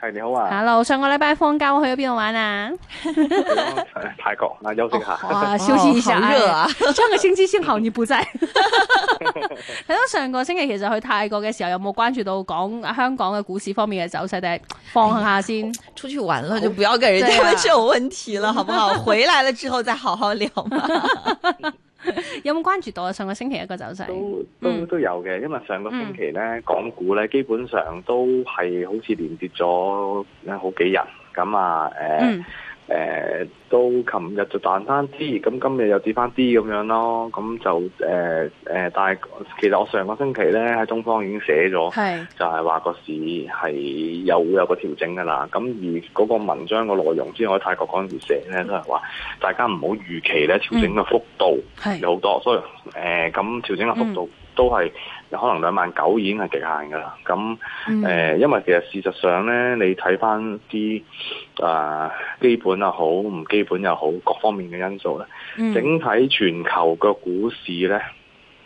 係 Hello, 你好啊，Hello！上個禮拜放假我去咗邊度玩啊？ 泰國，嗱，休息下。哇，休息一下，熱、哦、啊！上個星期先好，你不在睇到上個星期其實去泰國嘅時候，有冇關注到講香港嘅股市方面嘅走勢？定放下先、哎、出去玩啦，就不要跟人家問這種問題了，好不好？ 回來了之後再好好聊。 有冇關注到啊？上個星期一個走勢都都，都有嘅，因為上個星期咧，嗯、港股咧基本上都係好似連跌咗咧好幾日，咁啊誒。呃嗯誒、呃、都琴日就彈翻啲，咁今日又跌翻啲咁樣咯，咁就誒、呃呃、但係其實我上個星期咧喺東方已經寫咗，就係話個市係有有個調整㗎喇。咁而嗰個文章個內容之外，之前我喺泰國嗰陣時寫咧，都係話大家唔好預期咧調整嘅幅度有好多，嗯、所以誒咁、呃、調整嘅幅度都係。可能兩萬九已經係極限噶啦，咁誒、嗯呃，因為其實事實上咧，你睇翻啲啊基本又好，唔基本又好，各方面嘅因素咧，嗯、整體全球嘅股市咧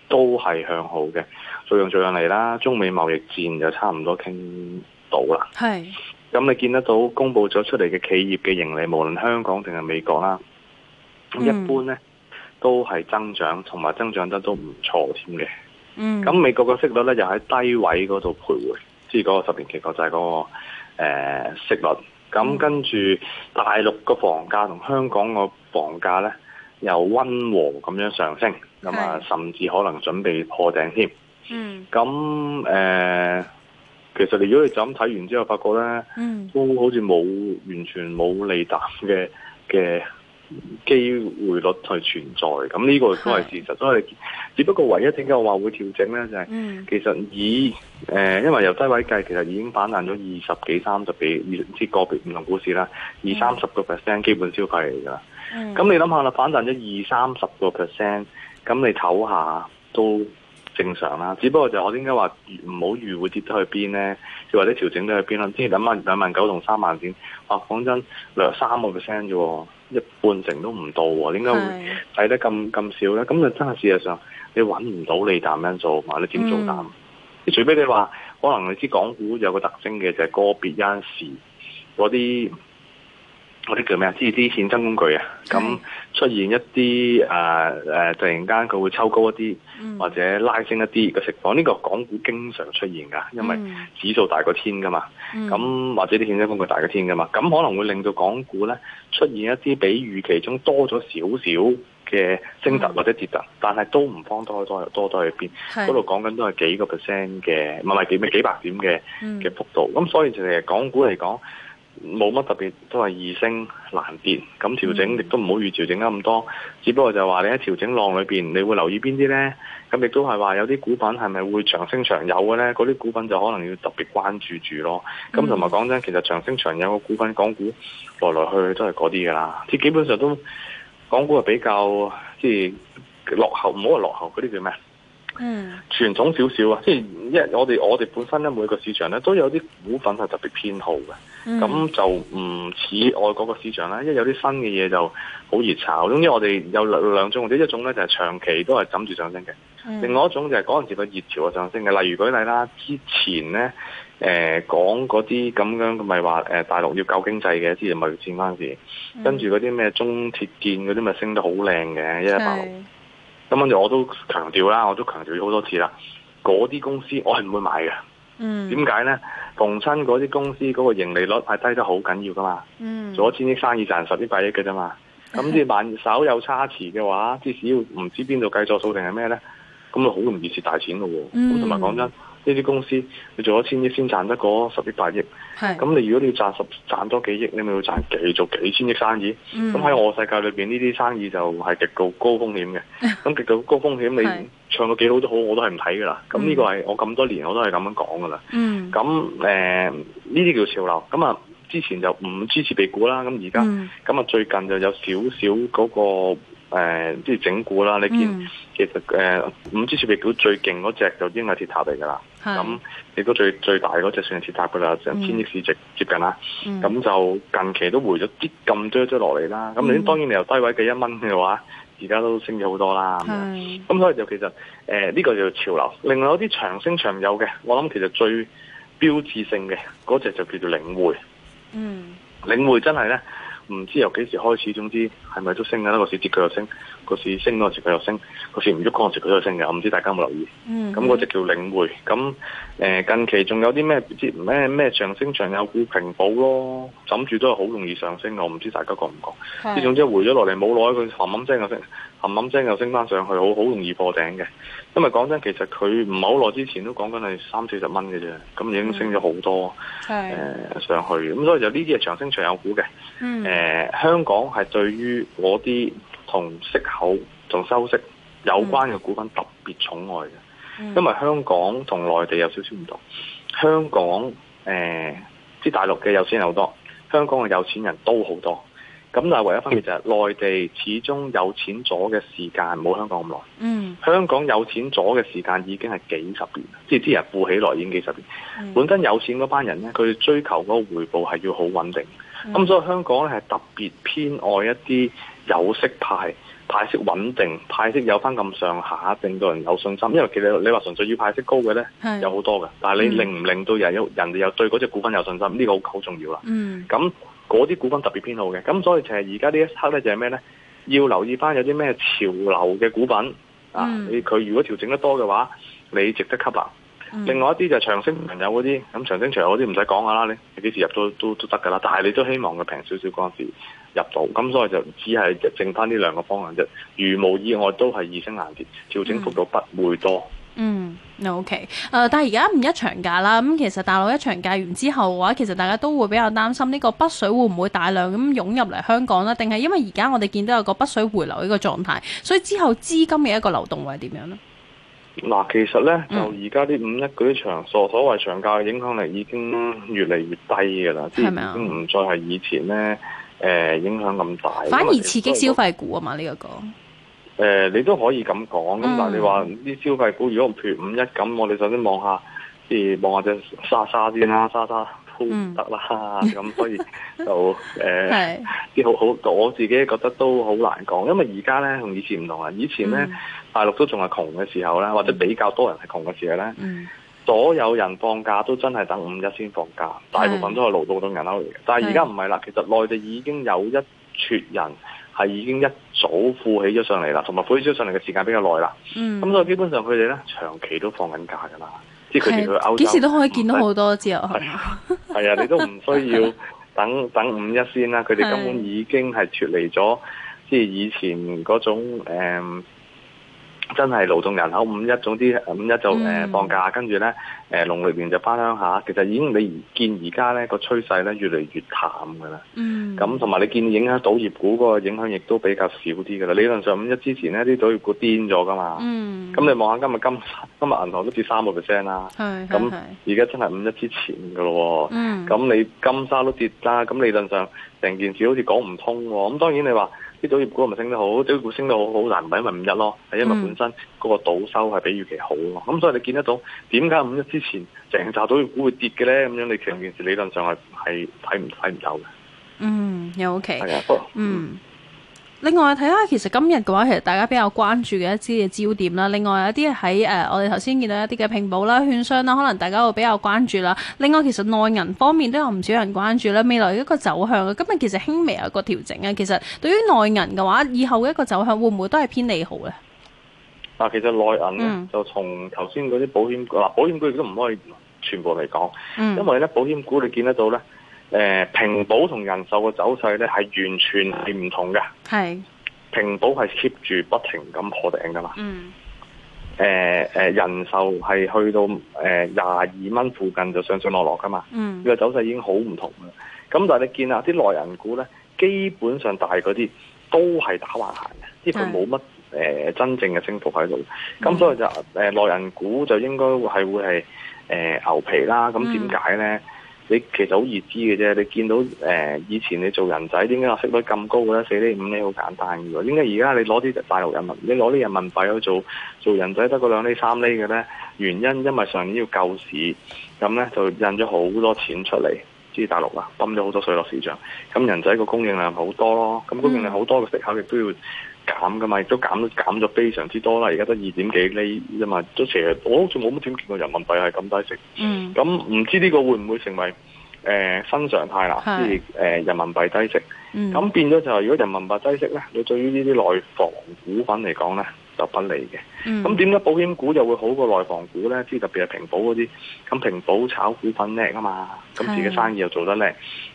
都係向好嘅。做樣做樣嚟啦，中美貿易戰就差唔多傾到啦。係是，咁你見得到公佈咗出嚟嘅企業嘅盈利，無論香港定係美國啦，一般咧、嗯、都係增長，同埋增長得都唔錯添嘅。嗯，咁美國個息率咧又喺低位嗰度徘徊，即係嗰個十年期就係嗰、嗰個誒、呃、息率。咁、嗯、跟住大陸個房價同香港個房價咧又溫和咁樣上升，咁啊、嗯、甚至可能準備破頂添。嗯，咁誒、呃，其實如果你就咁睇完之後，發覺咧，嗯，都好似冇完全冇利淡嘅嘅。機會率係存在，咁呢個都係事實。所以是只不過唯一點解我話會調整咧、嗯，就係其實以誒、呃，因為由低位計，其實已經反彈咗二十幾、三十幾，即知個別唔同股市啦，二三十個 percent 基本消費嚟噶。咁、嗯、你諗下啦，反彈咗二三十個 percent，咁你唞下都正常啦。只不過就我點解話唔好預會跌得去邊咧？或者調整得去邊啦？之前兩下兩萬九同三萬點，哇、啊，講真，兩三個 percent 啫。一半成都唔到喎、哦，點解會睇得咁咁是的 少咧？咁就真係事實上，你揾唔到你淡因素，點做嘛？你點做淡？嗯、除非你話，可能你知港股有個特徵嘅，就係、是、個別一陣時嗰啲。嗰啲叫咩啊？啲啲衍生工具啊，咁出現一啲、呃、啊誒，突然間佢會抽高一啲，嗯、或者拉升一啲嘅情況，呢個港股經常出現噶，因為指數大過天噶嘛，咁、嗯、或者啲衍生工具大過天噶嘛，咁可能會令到港股咧出現一啲比預期中多咗少少嘅升幅或者跌幅，嗯、但係都唔方多多，多多去邊？嗰度講緊都係幾個 percent 嘅，唔係唔係幾百點嘅嘅幅度，咁、嗯、所以就係港股嚟講。冇乜特別，都係易升難跌，咁調整亦都唔好預調整得咁多，嗯、只不過就話你喺調整浪裏邊，你會留意邊啲呢？咁亦都係話有啲股份係咪會長升長有嘅呢？嗰啲股份就可能要特別關注住咯。咁同埋講真，其實長升長有嘅股份，港股來來去去都係嗰啲噶啦，即係基本上都港股係比較即係落後，唔好話落後，嗰啲叫咩？嗯，傳統少少啊，即係因為我哋我哋本身咧，每一個市場咧都有啲股份係特別偏好嘅。咁、嗯、就唔似外國個市場啦，因為有啲新嘅嘢就好熱炒。總之我哋有兩兩種，或者一種咧就係長期都係枕住上升嘅，嗯、另外一種就係嗰陣時個熱潮嘅上升嘅。例如舉例啦，之前咧誒、呃、講嗰啲咁樣，咪、就、話、是、大陸要救經濟嘅，之前咪佔翻市，嗯、跟住嗰啲咩中鐵建嗰啲咪升得好靚嘅一一百六。咁跟住我都強調啦，我都強調咗好多次啦，嗰啲公司我係唔會買嘅。嗯，點解咧？逢親嗰啲公司嗰個盈利率係低得好緊要噶嘛，嗯，做一千億生意賺十億八億嘅啫嘛。咁即係萬稍有差池嘅話，至少要唔知邊度計錯數定係咩咧？咁就好容易蝕大錢咯、啊。同埋講真。呢啲公司，你做咗千億先賺得嗰十億八億，咁是你如果你要賺十賺多幾億，你咪要賺幾做幾千億生意，咁喺、嗯、我世界裏面，呢啲生意就係極度高，高風險嘅，咁、啊、極度高，高風險是你唱到幾好都好，我都係唔睇噶啦，咁呢、嗯、個係我咁多年我都係咁樣講噶啦，咁誒呢啲叫潮流，咁啊之前就唔支持被估啦，咁而家咁啊最近就有少少嗰個。誒，即係、呃就是、整固啦。你見、嗯、其實誒、呃，五 G 設備股最勁嗰隻就應該係鐵塔嚟㗎啦。咁亦是都最最大嗰隻算係鐵塔㗎啦，成、嗯、千億市值接近啦。咁、嗯、就近期都回咗啲咁多咗落嚟啦。咁、嗯、你當然你由低位嘅一蚊嘅話，而家都升咗好多啦。咁是所以就其實誒，呢、呃這個就叫潮流。另外有啲長升長有嘅，我諗其實最標誌性嘅嗰隻就叫做領匯。嗯，領匯真係咧。唔知由幾時開始，總之係咪都升緊，一個市跌佢又升，個市升嗰陣時佢又升，個市唔喐嗰陣時佢又升嘅。我唔知大家有冇留意。嗯、mm。咁嗰隻叫領匯。咁、呃、近期仲有啲咩？唔知咩咩長升長有股平保咯，枕住都係好容易上升嘅。我唔知大家覺唔覺？係是。總之回咗落嚟冇耐，佢冚冚聲又升。冚冚聲又升翻上去，好好容易破頂嘅。因為講真，其實佢唔係好耐之前都講緊係三四十蚊嘅啫，咁已經升咗好多上去。咁所以就呢啲係長升長有股嘅、嗯呃。香港係對於嗰啲同息口仲收息有關嘅、嗯、股份特別寵愛嘅。嗯、因為香港同內地有少少唔同，香港誒，即、呃、大陸嘅有錢人好多，香港嘅有錢人都好多。咁但係唯一分別就係、是、內地始終有錢咗嘅時間冇香港咁耐。嗯。香港有錢咗嘅時間已經係幾十年，即係啲人富起來已經幾十年。嗯、本身有錢嗰班人咧，佢追求嗰個回報係要好穩定。咁、嗯、所以香港咧係特別偏愛一啲有息派派息穩定，派息有返咁上下，令到人有信心。因為其實你話純粹要派息高嘅咧，是有好多嘅。但係你令唔令到人有，嗯、人哋有對嗰隻股份有信心？呢、這個好好重要啦。嗯。咁。嗰啲股份特別偏好嘅，咁所以其實而家呢一刻咧，就係咩咧？要留意翻有啲咩潮流嘅股品啊！你佢如果調整得多嘅話，你值得吸納。Mm. 另外一啲就係長昇朋友嗰啲，咁長昇長友嗰啲唔使講噶啦，你幾時入都都都得噶啦。但係你都希望佢平少少嗰陣時入到，咁所以就只係淨翻呢兩個方向啫。如無意外都係易升難跌，調整幅度不會多。嗯。Mm. Mm. O K，誒，但係而家五一長假啦，咁其實大陸一長假完之後嘅話，其實大家都會比較擔心呢個北水會唔會大量咁湧入嚟香港咧？定係因為而家我哋見到有個北水回流呢個狀態，所以之後資金嘅一個流動會係點樣呢？嗱，其實呢，就而家啲五一嗰啲長假，所謂長假嘅影響力已經越嚟越低嘅啦，即係已經唔再係以前呢誒、呃、影響咁大。反而刺激消費股啊嘛，呢一個。誒、呃，你都可以咁講，咁但係你話啲、嗯、消費股如果唔脫五一咁，1, 我哋首先望下，即望下隻莎莎先啦、啊，嗯、莎莎都唔得啦，咁所、嗯以，啊、以就誒，啲好好，是我自己覺得都好難講，因為而家咧同以前唔同啊，以前咧、嗯、大陸都仲係窮嘅時候咧，或者比較多人係窮嘅時候咧，嗯、所有人放假都真係等五一先放假，大部分都係勞動人口，但係而家唔係啦，其實內地已經有一撮人。係已經一早富起咗上嚟啦，同埋富起咗上嚟嘅時間比較耐啦。咁、嗯、所以基本上佢哋咧長期都放緊假噶啦。即係佢哋去歐洲，幾時都可以見到好多自由行。係啊能， 你都唔需要等等五一先啦。佢哋根本已經係脫離咗，即係的以前嗰種誒。嗯真係勞動人口五一，總之五一就、嗯嗯、放假，跟住咧農曆年就翻鄉下。其實已經你見而家咧個趨勢咧越嚟越淡㗎啦。咁同埋你見影響賭業股嗰個影響亦都比較少啲㗎啦。理論上五一之前咧啲賭業股癲咗㗎嘛。咁、嗯、你望下今日金今日銀行都跌三個 percent 啦。咁而家真係五一之前㗎咯。咁、嗯、你金沙都跌啦。咁理論上成件事好似講唔通喎。咁當然你話，啲賭業股咪升得好，啲股升得好好，但唔係因為五一咯，係因為本身嗰個賭收係比預期好咯。咁所以你見得到點解五一之前成紮賭業股會跌嘅咧？咁樣你成件事理論上係係睇唔睇唔走嘅。嗯，又 OK。係啊，嗯。另外睇下，其實今日嘅話，其實大家比較關注嘅一啲嘅焦點啦。另外有一啲喺誒，我哋頭先見到一啲嘅平保啦、券商啦，可能大家會比較關注啦。另外其實內銀方面都有唔少人關注啦，未來一個走向嘅今日其實輕微有一個調整啊。其實對於內銀嘅話，以後一個走向會唔會都係偏利好呢？嗱，其實內銀咧就從頭先嗰啲保險嗱，保險股都唔可以全部嚟講，因為咧保險股你見得到咧。誒、呃，平保同人壽嘅走勢咧係完全係唔同嘅。係是，平保係 keep 住不停咁破頂噶嘛。嗯。誒誒、呃呃，人壽係去到誒廿二蚊附近就上上落落噶嘛。嗯。呢個走勢已經好唔同啦。咁但係你見下啲內銀股咧，基本上大嗰啲都係打橫行嘅，即係冇乜誒真正嘅升幅喺度。咁、嗯、所以就誒內銀股就應該係會係誒、呃、牛皮啦。咁點解咧？嗯你其實好易知嘅啫，你見到誒、呃、以前你做人仔點解息率咁高嘅咧？四厘五厘好簡單嘅喎，點解而家你攞啲大陸人民，你攞啲人民幣去做做人仔得嗰兩厘三厘嘅咧？原因因為上年要救市，咁咧就印咗好多錢出嚟，即係大陸呀，泵咗好多水落市場，咁人仔個供應量好多咯，咁供應量好多嘅息口亦都要、嗯。減噶嘛，亦都減減咗非常之多啦，而家得二點幾厘啫嘛，都成日我仲冇乜點見過人民幣係咁低息。嗯。咁唔知呢個會唔會成為誒、呃、新常態啦？即係誒，人民幣低息。咁、嗯、變咗就係、是，如果人民幣低息咧，你對於呢啲內房股份嚟講咧，就不利嘅。咁點解保險股就會好過內房股咧？即係特別係平保嗰啲，咁平保炒股份叻啊嘛，咁自己生意又做得叻，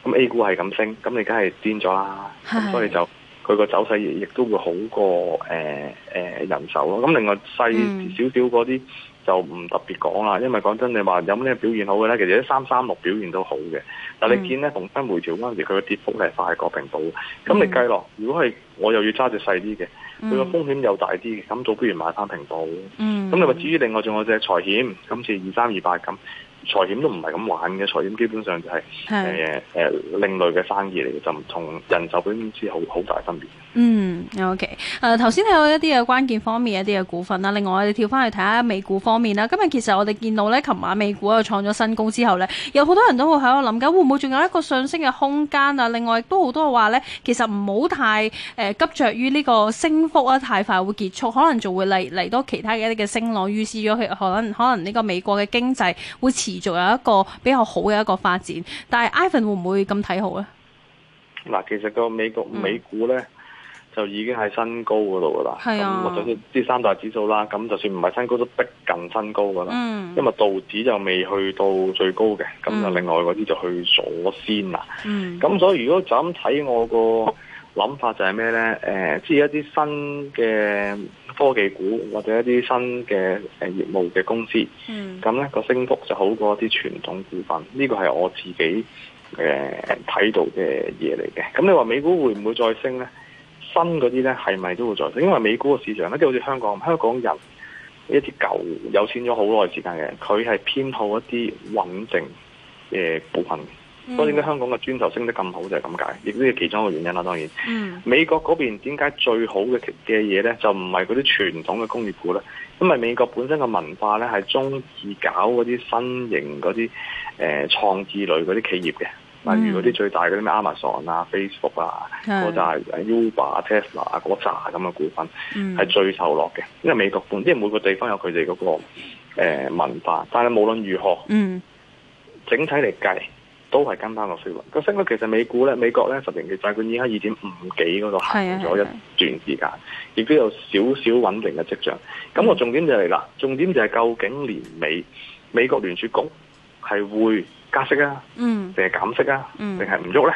咁是 A 股係咁升，咁你梗係癲咗啦。咁是所以就。佢個走勢亦都會好過誒、呃呃、人壽咯。咁另外細少少嗰啲就唔特別講啦。嗯、因為講真，你話有咩表現好嘅咧？其實啲三三六表現都好嘅。但你見咧，逢翻回調嗰陣時，佢個跌幅係快過平保。咁你計落，嗯、如果係我又要揸隻細啲嘅，佢個、嗯、風險又大啲嘅，咁倒不如買翻平保。咁、嗯、你話至於另外仲有隻財險，今次二三二八咁。財險都唔係咁玩嘅，財險基本上就係誒誒另類嘅生意嚟嘅，就唔同人壽保險公司好好大分別。嗯，OK。誒頭先睇到一啲嘅關鍵方面一啲嘅股份啦，另外我哋跳翻去睇下美股方面啦。今日其實我哋見到咧，琴晚美股又創咗新高之後咧，有好多人都會喺度諗緊會唔會仲有一個上升嘅空間啊！另外亦都好多話咧，其實唔好太誒、呃、急着於呢個升幅啊，太快會結束，可能仲會嚟嚟多其他嘅一啲嘅升浪，預示咗佢可能可能呢個美國嘅經濟會持。仲有一個比較好嘅一個發展，但係 Ivan 會唔會咁睇好咧？嗱，其實個美國美股咧、嗯、就已經係新高嗰度噶啦，咁或者啲三大指數啦，咁就算唔係新高都逼近新高噶啦，嗯、因為道指就未去到最高嘅，咁就、嗯、另外嗰啲就去咗先啦，咁、嗯、所以如果就咁睇我個。諗法就係咩呢？誒、呃，即係一啲新嘅科技股或者一啲新嘅誒業務嘅公司，咁呢、嗯、個升幅就好過一啲傳統股份。呢、這個係我自己誒睇、呃、到嘅嘢嚟嘅。咁你話美股會唔會再升呢？新嗰啲呢係咪都會再升？因為美股嘅市場呢即係好似香港，香港人一啲舊有錢咗好耐時間嘅，佢係偏好一啲穩定嘅股份。嗯、所以咧，香港嘅磚頭升得咁好就係咁解，亦都係其中一個原因啦、啊。當然，嗯、美國嗰邊點解最好嘅嘅嘢咧，就唔係嗰啲傳統嘅工業股咧，因為美國本身嘅文化咧係中意搞嗰啲新型嗰啲誒創智類嗰啲企業嘅，例、嗯、如嗰啲最大嗰啲咩 Amazon 啊、Facebook 啊，是或者係 Uber、啊、Tesla、啊、Apple 咁嘅股份，係、嗯、最受落嘅。因為美國本，因為每個地方有佢哋嗰個、呃、文化，但係無論如何，嗯，整體嚟計。都係跟翻落升㗎，個升率其實美股咧，美國咧十年期債券依家喺二點五幾嗰度行咗一段時間，亦都的有少少穩定嘅跡象。咁個、嗯、重點就嚟啦，重點就係究竟年尾美，美國聯儲局係會加息啊，定係、嗯、減息啊，定係唔喐咧？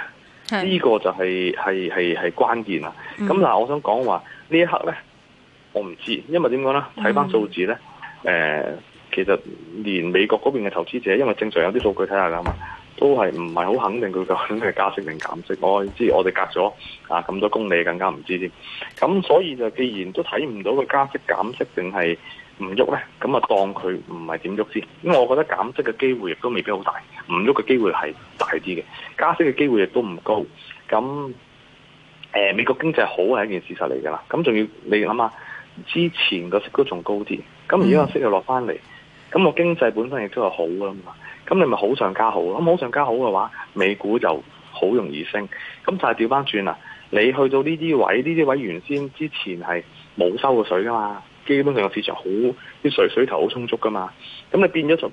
是不呢是的呢個就係係係係關鍵啦。咁嗱、嗯，我想講話呢一刻咧，我唔知道，因為點講咧？睇翻數字咧，誒、嗯呃，其實連美國嗰邊嘅投資者，因為正常有啲數據睇下㗎嘛。都係唔係好肯定佢究竟係加息定減息？我知，我哋隔咗啊咁多公里，更加唔知添。咁所以就既然都睇唔到個加息減息定係唔喐咧，咁啊當佢唔係點喐先？因為我覺得減息嘅機會亦都未必好大，唔喐嘅機會係大啲嘅，加息嘅機會亦都唔高。咁、呃、美國經濟好係一件事實嚟㗎啦。咁仲要你諗下，之前個息都仲高啲，咁而家個息又落翻嚟，咁個經濟本身亦都係好㗎嘛。咁你咪好上加好，咁好上加好嘅話，美股就好容易升。咁就係調翻轉啦。你去到呢啲位，呢啲位原先之前係冇收過水噶嘛，基本上個市場好啲水，水頭好充足噶嘛。咁你變咗就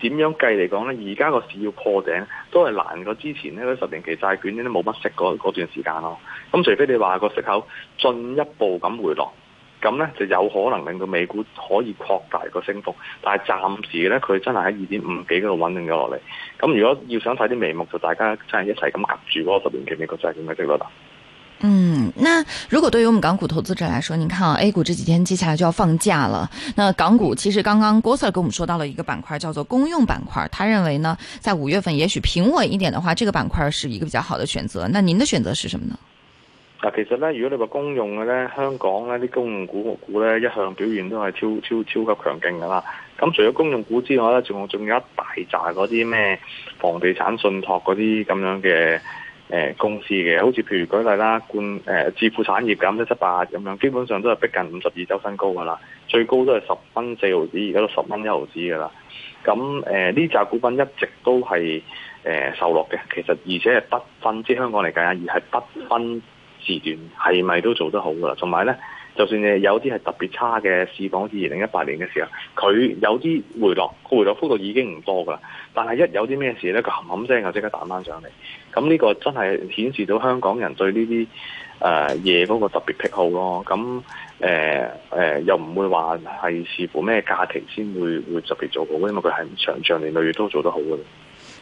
點樣計嚟講呢？而家個市要破頂都係難過之前呢嗰十年期債券都冇乜息嗰嗰段時間咯。咁除非你話個息口進一步咁回落。咁呢，就有可能令到美股可以擴大個升幅，但係暫時呢，佢真係喺二點五幾嗰度穩定咗落嚟。咁如果要想睇啲眉目，就大家真係一齊咁夾住嗰個十年期美國債嘅利率啦，啊。嗯，那如果對於我們港股投資者來說，你看啊，A 股這幾天接下來就要放假了。那港股其實剛剛郭 Sir 跟我們說到了一個板塊，叫做公用板塊。他認為呢，在五月份也許平穩一點的話，這個板塊是一個比較好的選擇。那您的選擇是什麼呢？嗱，其實咧，如果你話公用嘅咧，香港咧啲公用股股咧，一向表現都係超超超級強勁噶啦。咁除咗公用股之外咧，仲有仲有一大扎嗰啲咩房地產信託嗰啲咁樣嘅誒、呃、公司嘅，好似譬如舉例啦，冠誒置富產業嘅一七八咁樣，基本上都係逼近五十二周新高噶啦，最高都係十蚊四毫子，而家都十蚊一毫子噶啦。咁誒、呢扎股份一直都係、呃、受落嘅，其實而且係不分即香港嚟緊，而係不分。時段係咪都做得好噶啦？同埋呢，就算你有啲係特別差嘅市況，好似二零一八年嘅時候，佢有啲回落，回落幅度已經唔多噶啦。但係一有啲咩事呢，佢冚冚聲就即刻彈翻上嚟。咁呢個真係顯示到香港人對呢啲誒嘢嗰個特別癖好咯。咁誒誒又唔會話係視乎咩假期先會會特別做好，因為佢係長長年累月都做得好噶。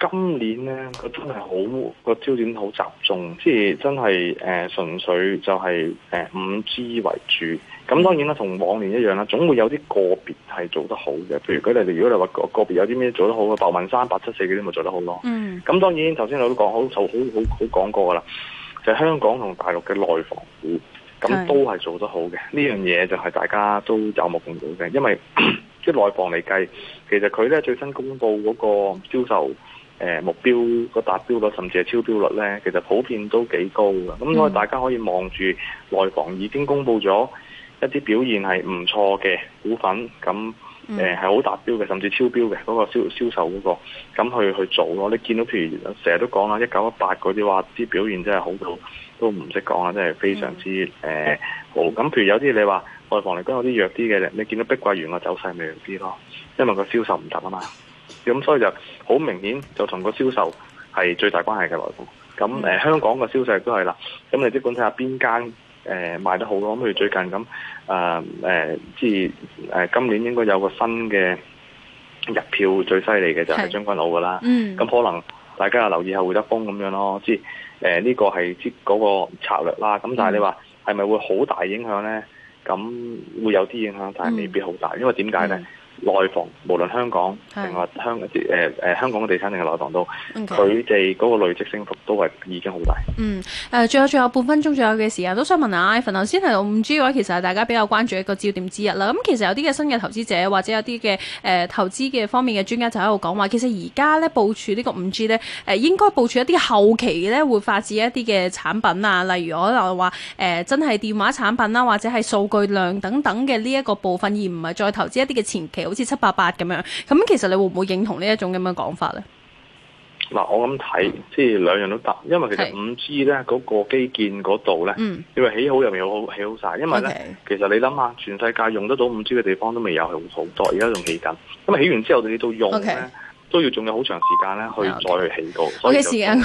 今年呢，佢真係好個焦點好集中，即係真係誒、呃、純粹就係誒 5G 為主。咁當然啦，同往年一樣啦，總會有啲個別係做得好嘅。譬如佢哋，如果你話個個別有啲咩做得好嘅，白雲山、八七四嗰啲咪做得好咯。咁、嗯、當然，頭先我都講好，就好好好講過噶啦，就係香港同大陸嘅內房股，咁都係做得好嘅。呢是 樣嘢就係大家都有目共睹嘅，因為。 即內房嚟計，其實佢咧最新公布嗰個銷售誒目標個達標率，甚至係超標率咧，其實普遍都幾高嘅。咁我哋大家可以望住內房已經公布咗一啲表現係唔錯嘅股份，咁誒係好達標嘅，甚至超標嘅嗰個銷銷售嗰個，咁去去做咯。你見到譬如成日都講啦，一九一八嗰啲話啲表現真係好到都唔識講啦，真係非常之誒好。咁譬如有啲你話。內房嚟講有啲弱啲嘅，你見到碧桂園個走勢咪弱啲咯，因為個銷售唔達啊嘛，咁所以就好明顯就同個銷售係最大關係嘅來講。咁誒香港嘅銷售亦都係啦，咁你即管睇下邊間誒賣得好咯，咁譬如最近咁啊誒，即係誒今年應該有個新嘅入票最犀利嘅就係將軍澳噶啦，咁、嗯、可能大家留意下會德豐咁樣咯，即係呢個係即嗰個策略啦。咁但係你話係咪會好大影響咧？咁會有啲影響，但係未必好大，因為點解呢？嗯內房，無論香港定話香誒誒香港嘅、呃、地產定係內房都，佢哋嗰個累積升幅都係已經好大。嗯，誒、呃，最後仲有半分鐘左右嘅時間，都想問下 Ivan 頭先提到五 G 嘅話，其實係大家比較關注一個焦點之一啦。咁其實有啲嘅新嘅投資者或者有啲嘅誒投資嘅方面嘅專家就喺度講話，其實而家咧部署個呢個五 G 咧，誒、呃、應該部署一啲後期咧會發展一啲嘅產品啊，例如我話誒、呃、真係電話產品啦、啊，或者係數據量等等嘅呢一個部分，而唔係再投資一啲嘅前期。好似七八八咁樣，咁其實你會唔會認同呢一種咁嘅講法咧？嗱，我咁睇，即係兩樣都得，因為其實五 G 咧嗰個基建嗰度咧，因為起好入面好起好晒，因為咧其實你諗下，全世界用得到五 G 嘅地方都未有用好多，而家仲起緊。咁起完之後你都用 Okay. 都要仲有好長時間咧去再去起到，Okay. 所以 okay，時間。